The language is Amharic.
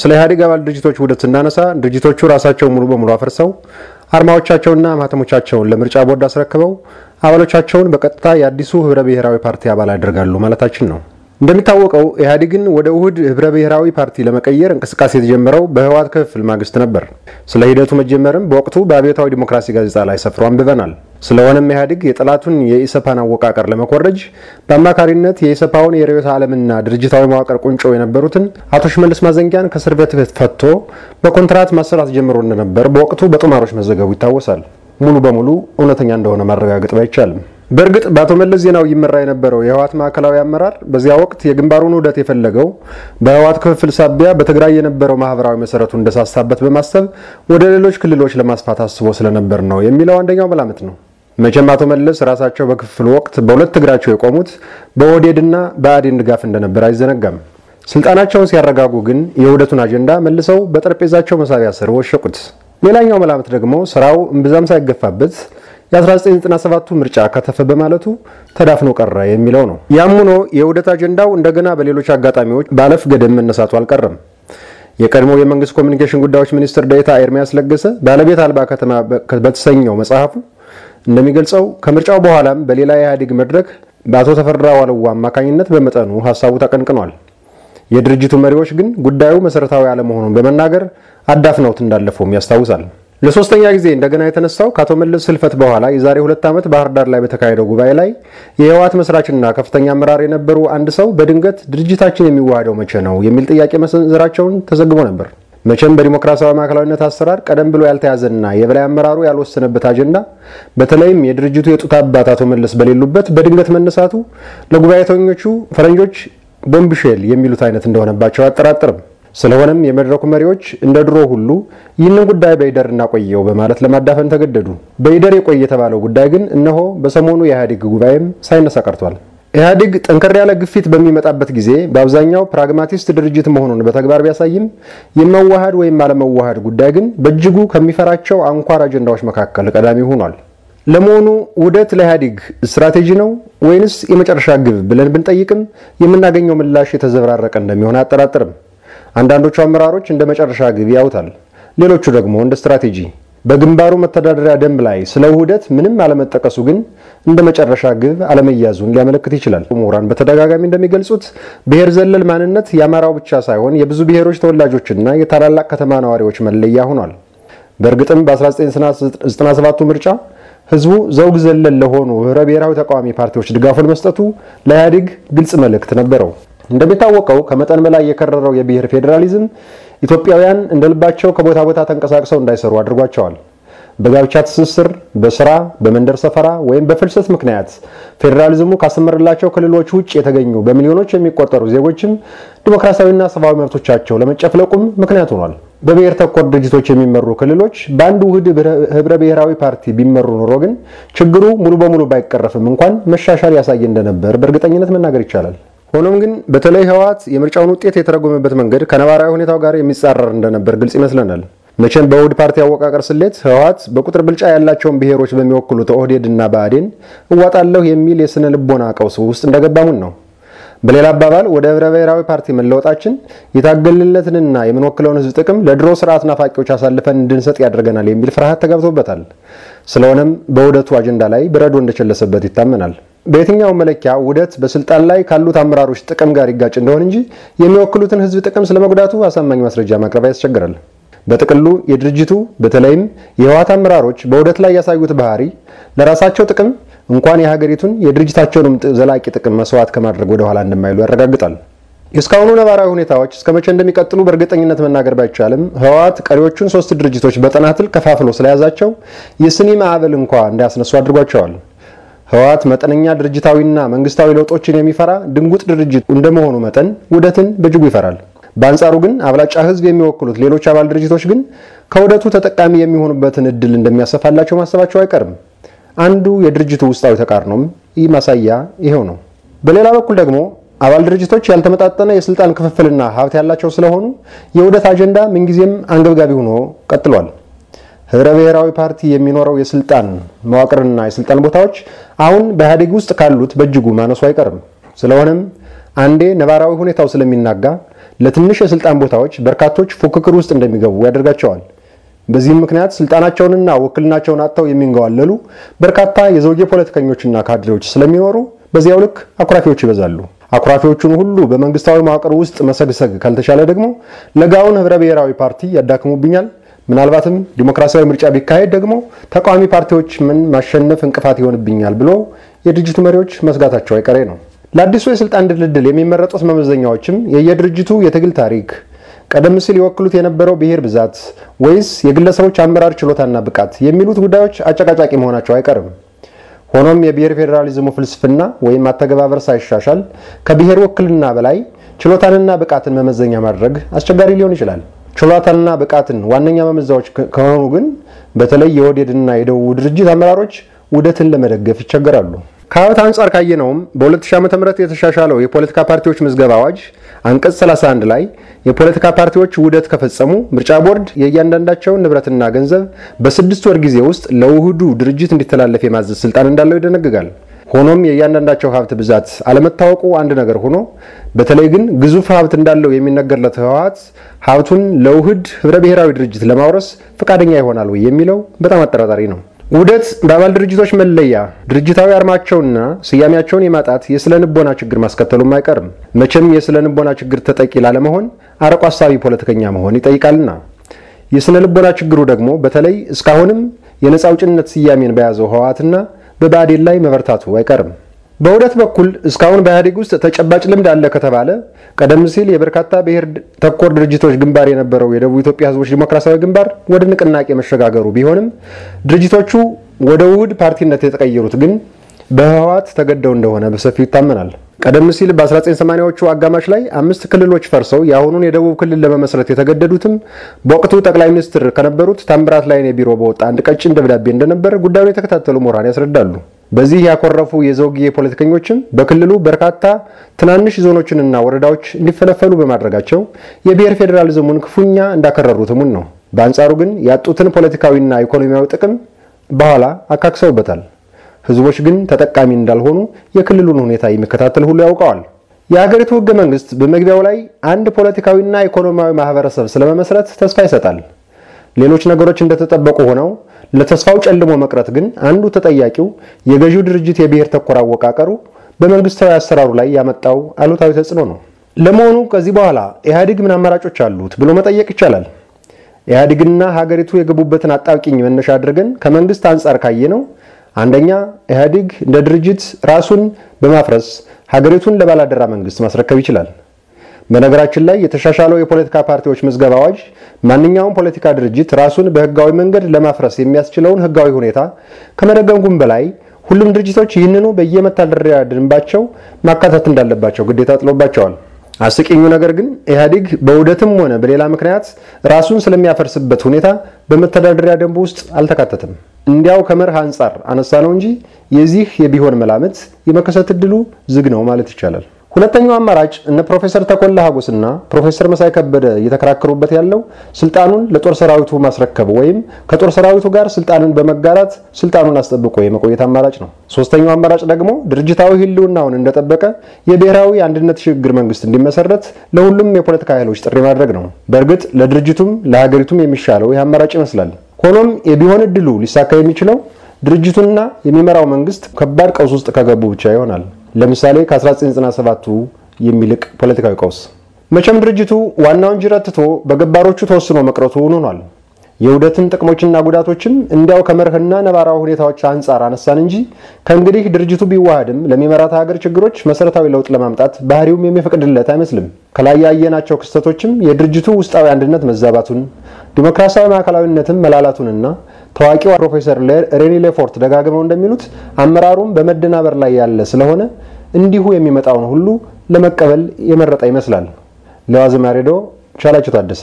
ስለ ኢህአዴግ አባል ድርጅቶች ውህደት ስናነሳ ድርጅቶቹ ራሳቸውን ሙሉ በሙሉ አፈርሰው አርማዎቻቸውንና ማህተሞቻቸውን ለምርጫ ቦርድ አስረክበው አባሎቻቸውን በቀጥታ የአዲሱ ህብረ ብሔራዊ ፓርቲ አባል ያደርጋሉ ማለታችን ነው። እንደሚታወቀው ኢህአዴግን ወደ ውህድ ህብረ ብሔራዊ ፓርቲ ለመቀየር እንቅስቃሴ የተጀመረው በህወሓት ክፍፍል ማግስት ነበር። ስለ ሂደቱ መጀመርም በወቅቱ በአብዮታዊ ዲሞክራሲ ጋዜጣ ላይ ሰፍሮ አንብበናል። ስለሆነም ኢህአዴግ የጠላቱን የኢሰፓን አወቃቀር ለመኮረጅ በአማካሪነት የኢሰፓውን የርዕዮተ ዓለምና ድርጅታዊ መዋቅር ቁንጮ የነበሩትን አቶ ሽመልስ ማዘንጊያን ከእስር ቤት ፈቶ በኮንትራት ማሰራት ጀምሮ እንደነበር በወቅቱ በጡማሮች መዘገቡ ይታወሳል። ሙሉ በሙሉ እውነተኛ እንደሆነ ማረጋገጥ ባይቻልም በእርግጥ በአቶ መለስ ዜናዊ ይመራ የነበረው የህወሓት ማዕከላዊ አመራር በዚያ ወቅት የግንባሩን ውህደት የፈለገው በህወሓት ክፍፍል ሳቢያ በትግራይ የነበረው ማህበራዊ መሰረቱ እንደሳሳበት በማሰብ ወደ ሌሎች ክልሎች ለማስፋት አስቦ ስለነበር ነው የሚለው አንደኛው መላምት ነው። መቼም አቶ መለስ ራሳቸው በክፍፍል ወቅት በሁለት እግራቸው የቆሙት በኦህዴድና በአዴን ድጋፍ እንደነበር አይዘነጋም። ስልጣናቸውን ሲያረጋጉ ግን የውህደቱን አጀንዳ መልሰው በጠረጴዛቸው መሳቢያ ስር ወሸቁት። ሌላኛው መላምት ደግሞ ስራው እምብዛም ሳይገፋበት የ1997ቱ ምርጫ ከተፈ በማለቱ ተዳፍኖ ቀረ የሚለው ነው። ያም ሆኖ የውህደት አጀንዳው እንደገና በሌሎች አጋጣሚዎች ባለፍ ገደም መነሳቱ አልቀረም። የቀድሞው የመንግስት ኮሚኒኬሽን ጉዳዮች ሚኒስትር ዴኤታ ኤርሚያስ ለገሰ ባለቤት አልባ ከተማ በተሰኘው መጽሐፉ እንደሚገልጸው ከምርጫው በኋላም በሌላ የኢህአዴግ መድረክ በአቶ ተፈራ ዋልዋ አማካኝነት በመጠኑ ሀሳቡ ተቀንቅኗል። የድርጅቱ መሪዎች ግን ጉዳዩ መሰረታዊ አለመሆኑን በመናገር አዳፍነውት እንዳለፈውም ያስታውሳል። ለሶስተኛ ጊዜ እንደገና የተነሳው ከአቶ መለስ ህልፈት በኋላ የዛሬ ሁለት ዓመት ባህር ዳር ላይ በተካሄደው ጉባኤ ላይ የህወሓት መስራችና ከፍተኛ አመራር የነበሩ አንድ ሰው በድንገት ድርጅታችን የሚዋሃደው መቼ ነው የሚል ጥያቄ መሰንዘራቸውን ተዘግቦ ነበር። መቼም በዲሞክራሲያዊ ማዕከላዊነት አሰራር ቀደም ብሎ ያልተያዘና የበላይ አመራሩ ያልወሰነበት አጀንዳ በተለይም የድርጅቱ የጡት አባት አቶ መለስ በሌሉበት በድንገት መነሳቱ ለጉባኤተኞቹ ፈረንጆች ቦምብሼል የሚሉት አይነት እንደሆነባቸው አጠራጥርም። ስለሆነም የመድረኩ መሪዎች እንደ ድሮ ሁሉ ይህንን ጉዳይ በይደር እናቆየው በማለት ለማዳፈን ተገደዱ። በይደር የቆየ የተባለው ጉዳይ ግን እነሆ በሰሞኑ የኢህአዴግ ጉባኤም ሳይነሳ ቀርቷል። ኢህአዴግ ጠንከር ያለ ግፊት በሚመጣበት ጊዜ በአብዛኛው ፕራግማቲስት ድርጅት መሆኑን በተግባር ቢያሳይም የመዋሃድ ወይም አለመዋሃድ ጉዳይ ግን በእጅጉ ከሚፈራቸው አንኳር አጀንዳዎች መካከል ቀዳሚ ሆኗል። ለመሆኑ ውህደት ለኢህአዴግ ስትራቴጂ ነው ወይንስ የመጨረሻ ግብ ብለን ብንጠይቅም የምናገኘው ምላሽ የተዘበራረቀ እንደሚሆን አያጠራጥርም። አንዳንዶቹ አመራሮች እንደ መጨረሻ ግብ ያውታል፣ ሌሎቹ ደግሞ እንደ ስትራቴጂ በግንባሩ መተዳደሪያ ደንብ ላይ ስለ ውህደት ምንም አለመጠቀሱ ግን እንደ መጨረሻ ግብ አለመያዙን ሊያመለክት ይችላል። ምሁራን በተደጋጋሚ እንደሚገልጹት ብሔር ዘለል ማንነት የአማራው ብቻ ሳይሆን የብዙ ብሔሮች ተወላጆችና የታላላቅ ከተማ ነዋሪዎች መለያ ሆኗል። በእርግጥም በ1997ቱ ምርጫ ህዝቡ ዘውግ ዘለል ለሆኑ ህብረ ብሔራዊ ተቃዋሚ ፓርቲዎች ድጋፉን መስጠቱ ለኢህአዴግ ግልጽ መልእክት ነበረው። እንደሚታወቀው ከመጠን በላይ የከረረው የብሔር ፌዴራሊዝም ኢትዮጵያውያን እንደ ልባቸው ከቦታ ቦታ ተንቀሳቅሰው እንዳይሰሩ አድርጓቸዋል። በጋብቻ ትስስር፣ በስራ፣ በመንደር ሰፈራ ወይም በፍልሰት ምክንያት ፌዴራሊዝሙ ካሰመረላቸው ክልሎች ውጭ የተገኙ በሚሊዮኖች የሚቆጠሩ ዜጎችም ዲሞክራሲያዊና ሰብአዊ መብቶቻቸው ለመጨፍለቁም ምክንያት ሆኗል። በብሔር ተኮር ድርጅቶች የሚመሩ ክልሎች በአንድ ውህድ ህብረ ብሔራዊ ፓርቲ ቢመሩ ኑሮ ግን ችግሩ ሙሉ በሙሉ ባይቀረፍም እንኳን መሻሻል ያሳይ እንደነበር በእርግጠኝነት መናገር ይቻላል። ሆኖም ግን በተለይ ህወሓት የምርጫውን ውጤት የተረጎመበት መንገድ ከነባራዊ ሁኔታው ጋር የሚጻረር እንደነበር ግልጽ ይመስለናል። መቼም በውህድ ፓርቲ አወቃቀር ስሌት ህወሓት በቁጥር ብልጫ ያላቸውን ብሔሮች በሚወክሉት ኦህዴድና ብአዴን እዋጣለሁ የሚል የስነ ልቦና ቀውስ ውስጥ እንደገባሙን ነው። በሌላ አባባል ወደ ህብረ ብሔራዊ ፓርቲ መለወጣችን የታገልንለትንና የምንወክለውን ህዝብ ጥቅም ለድሮ ስርዓት ናፋቂዎች አሳልፈን እንድንሰጥ ያደርገናል የሚል ፍርሃት ተገብቶበታል። ስለሆነም በውህደቱ አጀንዳ ላይ በረዶ እንደቸለሰበት ይታመናል። በየትኛው መለኪያ ውደት በስልጣን ላይ ካሉት አመራሮች ጥቅም ጋር ይጋጭ እንደሆን እንጂ የሚወክሉትን ህዝብ ጥቅም ስለመጉዳቱ አሳማኝ ማስረጃ ማቅረብ ያስቸግራል። በጥቅሉ የድርጅቱ በተለይም የህወሓት አመራሮች በውደት ላይ ያሳዩት ባህሪ ለራሳቸው ጥቅም እንኳን የሀገሪቱን የድርጅታቸውንም ዘላቂ ጥቅም መስዋዕት ከማድረግ ወደኋላ እንደማይሉ ያረጋግጣል። እስካሁኑ ነባራዊ ሁኔታዎች እስከ መቼ እንደሚቀጥሉ በእርግጠኝነት መናገር ባይቻልም ህወሓት ቀሪዎቹን ሶስት ድርጅቶች በጠናትል ከፋፍሎ ስለያዛቸው የስኒ ማዕበል እንኳ እንዳያስነሱ አድርጓቸዋል። ህወሓት መጠነኛ ድርጅታዊና መንግስታዊ ለውጦችን የሚፈራ ድንጉጥ ድርጅት እንደመሆኑ መጠን ውህደትን በእጅጉ ይፈራል። በአንጻሩ ግን አብላጫ ህዝብ የሚወክሉት ሌሎች አባል ድርጅቶች ግን ከውህደቱ ተጠቃሚ የሚሆኑበትን እድል እንደሚያሰፋላቸው ማሰባቸው አይቀርም። አንዱ የድርጅቱ ውስጣዊ ተቃርኖም ይህ ማሳያ ይሄው ነው። በሌላ በኩል ደግሞ አባል ድርጅቶች ያልተመጣጠነ የስልጣን ክፍፍልና ሀብት ያላቸው ስለሆኑ የውህደት አጀንዳ ምንጊዜም አንገብጋቢ ሆኖ ቀጥሏል። ህብረ ብሔራዊ ፓርቲ የሚኖረው የስልጣን መዋቅርና የስልጣን ቦታዎች አሁን በኢህአዴግ ውስጥ ካሉት በእጅጉ ማነሱ አይቀርም። ስለሆነም አንዴ ነባራዊ ሁኔታው ስለሚናጋ ለትንሽ የስልጣን ቦታዎች በርካቶች ፉክክር ውስጥ እንደሚገቡ ያደርጋቸዋል። በዚህም ምክንያት ስልጣናቸውንና ውክልናቸውን አጥተው የሚንገዋለሉ በርካታ የዘውጌ ፖለቲከኞችና ካድሬዎች ስለሚኖሩ በዚያው ልክ አኩራፊዎች ይበዛሉ። አኩራፊዎቹን ሁሉ በመንግስታዊ መዋቅር ውስጥ መሰግሰግ ካልተቻለ ደግሞ ለጋውን ህብረ ብሔራዊ ፓርቲ ያዳክሙብኛል ምናልባትም ዲሞክራሲያዊ ምርጫ ቢካሄድ ደግሞ ተቃዋሚ ፓርቲዎች ምን ማሸነፍ እንቅፋት ይሆንብኛል ብሎ የድርጅቱ መሪዎች መስጋታቸው አይቀሬ ነው። ለአዲሱ የስልጣን ድልድል የሚመረጡት መመዘኛዎችም የየድርጅቱ የትግል ታሪክ፣ ቀደም ሲል የወክሉት የነበረው ብሔር ብዛት ወይስ የግለሰቦች አመራር ችሎታና ብቃት የሚሉት ጉዳዮች አጨቃጫቂ መሆናቸው አይቀርም። ሆኖም የብሔር ፌዴራሊዝሙ ፍልስፍና ወይም አተገባበር ሳይሻሻል ከብሔር ውክልና በላይ ችሎታንና ብቃትን መመዘኛ ማድረግ አስቸጋሪ ሊሆን ይችላል። ችሎታና ብቃትን ዋነኛ መመዛዎች ከሆኑ ግን በተለይ የወደድና የደቡቡ ድርጅት አመራሮች ውደትን ለመደገፍ ይቸገራሉ። ከሀብት አንጻር ካየነውም በ2000 ዓ ም የተሻሻለው የፖለቲካ ፓርቲዎች ምዝገባ አዋጅ አንቀጽ 31 ላይ የፖለቲካ ፓርቲዎች ውህደት ከፈጸሙ ምርጫ ቦርድ የእያንዳንዳቸውን ንብረትና ገንዘብ በስድስት ወር ጊዜ ውስጥ ለውህዱ ድርጅት እንዲተላለፍ የማዘዝ ስልጣን እንዳለው ይደነግጋል። ሆኖም የእያንዳንዳቸው ሀብት ብዛት አለመታወቁ አንድ ነገር ሆኖ በተለይ ግን ግዙፍ ሀብት እንዳለው የሚነገርለት ህወሓት ሀብቱን ለውህድ ህብረ ብሔራዊ ድርጅት ለማውረስ ፈቃደኛ ይሆናል ወይ የሚለው በጣም አጠራጣሪ ነው። ውህደት በአባል ድርጅቶች መለያ ድርጅታዊ አርማቸውና ስያሜያቸውን የማጣት የስነ ልቦና ችግር ማስከተሉም አይቀርም። መቼም የስነ ልቦና ችግር ተጠቂ ላለመሆን አርቆ አሳቢ ፖለቲከኛ መሆን ይጠይቃልና የስነ ልቦና ችግሩ ደግሞ በተለይ እስካሁንም የነፃ አውጭነት ስያሜን በያዘው ህወሓትና በባዴን ላይ መበርታቱ አይቀርም። በሁለት በኩል እስካሁን በኢህአዴግ ውስጥ ተጨባጭ ልምድ አለ ከተባለ ቀደም ሲል የበርካታ ብሔር ተኮር ድርጅቶች ግንባር የነበረው የደቡብ ኢትዮጵያ ህዝቦች ዲሞክራሲያዊ ግንባር ወደ ንቅናቄ መሸጋገሩ ቢሆንም ድርጅቶቹ ወደ ውህድ ፓርቲነት የተቀየሩት ግን በህወሓት ተገደው እንደሆነ በሰፊው ይታመናል። ቀደም ሲል በ1980ዎቹ አጋማሽ ላይ አምስት ክልሎች ፈርሰው የአሁኑን የደቡብ ክልል ለመመስረት የተገደዱትም በወቅቱ ጠቅላይ ሚኒስትር ከነበሩት ታምራት ላይኔ ቢሮ በወጣ አንድ ቀጭን ደብዳቤ እንደነበረ ጉዳዩን የተከታተሉ ምሁራን ያስረዳሉ። በዚህ ያኮረፉ የዘውግዬ ፖለቲከኞችም በክልሉ በርካታ ትናንሽ ዞኖችንና ወረዳዎች እንዲፈለፈሉ በማድረጋቸው የብሔር ፌዴራሊዝሙን ክፉኛ እንዳከረሩት እሙን ነው። በአንጻሩ ግን ያጡትን ፖለቲካዊና ኢኮኖሚያዊ ጥቅም በኋላ አካክሰውበታል። ህዝቦች ግን ተጠቃሚ እንዳልሆኑ የክልሉን ሁኔታ የሚከታተል ሁሉ ያውቀዋል። የሀገሪቱ ህገ መንግስት በመግቢያው ላይ አንድ ፖለቲካዊና ኢኮኖሚያዊ ማህበረሰብ ስለመመስረት ተስፋ ይሰጣል። ሌሎች ነገሮች እንደተጠበቁ ሆነው ለተስፋው ጨልሞ መቅረት ግን አንዱ ተጠያቂው የገዢው ድርጅት የብሔር ተኮር አወቃቀሩ በመንግስታዊ አሰራሩ ላይ ያመጣው አሉታዊ ተጽዕኖ ነው። ለመሆኑ ከዚህ በኋላ ኢህአዲግ ምን አማራጮች አሉት ብሎ መጠየቅ ይቻላል። ኢህአዲግና ሀገሪቱ የገቡበትን አጣብቂኝ መነሻ አድርገን ከመንግስት አንጻር ካየነው አንደኛ ኢህአዲግ እንደ ድርጅት ራሱን በማፍረስ ሀገሪቱን ለባላደራ መንግስት ማስረከብ ይችላል። በነገራችን ላይ የተሻሻለው የፖለቲካ ፓርቲዎች ምዝገባ አዋጅ ማንኛውም ፖለቲካ ድርጅት ራሱን በህጋዊ መንገድ ለማፍረስ የሚያስችለውን ህጋዊ ሁኔታ ከመደገምጉም በላይ ሁሉም ድርጅቶች ይህንኑ በየመተዳደሪያ ደንባቸው ማካተት እንዳለባቸው ግዴታ ጥሎባቸዋል። አስቂኙ ነገር ግን ኢህአዲግ በውህደትም ሆነ በሌላ ምክንያት ራሱን ስለሚያፈርስበት ሁኔታ በመተዳደሪያ ደንቡ ውስጥ አልተካተተም። እንዲያው ከመርህ አንጻር አነሳ ነው እንጂ የዚህ የቢሆን መላምት የመከሰት እድሉ ዝግ ነው ማለት ይቻላል። ሁለተኛው አማራጭ እነ ፕሮፌሰር ተኮላ ሀጎስና ፕሮፌሰር መሳይ ከበደ እየተከራከሩበት ያለው ስልጣኑን ለጦር ሰራዊቱ ማስረከብ ወይም ከጦር ሰራዊቱ ጋር ስልጣንን በመጋራት ስልጣኑን አስጠብቆ የመቆየት አማራጭ ነው። ሶስተኛው አማራጭ ደግሞ ድርጅታዊ ህልውናውን እንደጠበቀ የብሔራዊ አንድነት ሽግግር መንግስት እንዲመሰረት ለሁሉም የፖለቲካ ኃይሎች ጥሪ ማድረግ ነው። በእርግጥ ለድርጅቱም ለሀገሪቱም የሚሻለው ይህ አማራጭ ይመስላል። ሆኖም የቢሆን እድሉ ሊሳካ የሚችለው ድርጅቱና የሚመራው መንግስት ከባድ ቀውስ ውስጥ ከገቡ ብቻ ይሆናል። ለምሳሌ ከ1997ቱ የሚልቅ ፖለቲካዊ ቀውስ። መቼም ድርጅቱ ዋናውን ጅረት ትቶ በገባሮቹ ተወስኖ መቅረቱ ሆኗል። የውህደትን ጥቅሞችና ጉዳቶችም እንዲያው ከመርህና ነባራዊ ሁኔታዎች አንጻር አነሳን እንጂ ከእንግዲህ ድርጅቱ ቢዋሃድም ለሚመራት ሀገር ችግሮች መሰረታዊ ለውጥ ለማምጣት ባህሪውም የሚፈቅድለት አይመስልም። ከላይ ያየናቸው ክስተቶችም የድርጅቱ ውስጣዊ አንድነት መዛባቱን፣ ዲሞክራሲያዊ ማዕከላዊነትም መላላቱንና ታዋቂው ፕሮፌሰር ሬኒ ሌፎርት ደጋግመው እንደሚሉት አመራሩም በመደናበር ላይ ያለ ስለሆነ እንዲሁ የሚመጣውን ሁሉ ለመቀበል የመረጠ ይመስላል። ለዋዜማ ቻላቸው ታደሰ